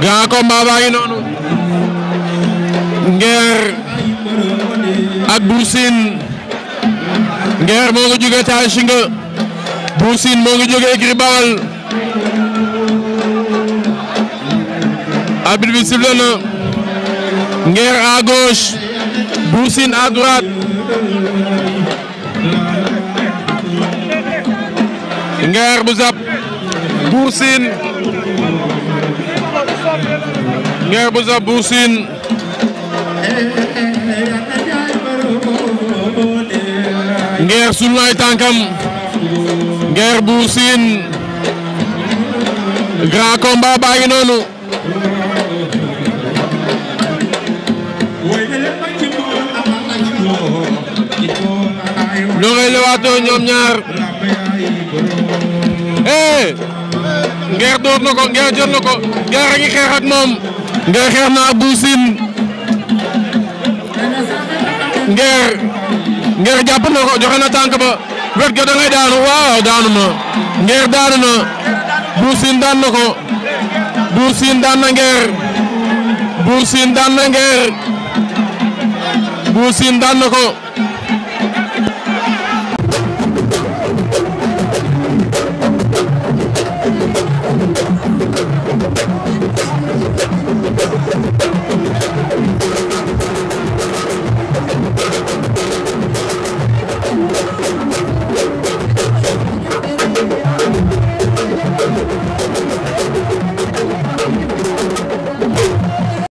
grand combat baa ngi noonu Nguer ak Bour Sine Nguer moo ngi ngi jógee Gris Baol arbitre bi à gauche Bour Ngeer bu sa Buur Siin Ngeer sul na ay tànkam Buur Siin grand combat baa ngi noonu ñoo ngay lewaatoo ñoom ñaar eh ngeer door na ko ngeer jël na ko ngeer a ngi xeex ak moom ngeer xeex na ak Bou Sine ngeer ngeer jàpp na ko joxe na tànk ba wet ga da ngay daanu waaw daanu na ngeer daanu na Bou Sine daan na ko Bou Sine na ngeer Bou Sine na ngeer Bou Sine na ko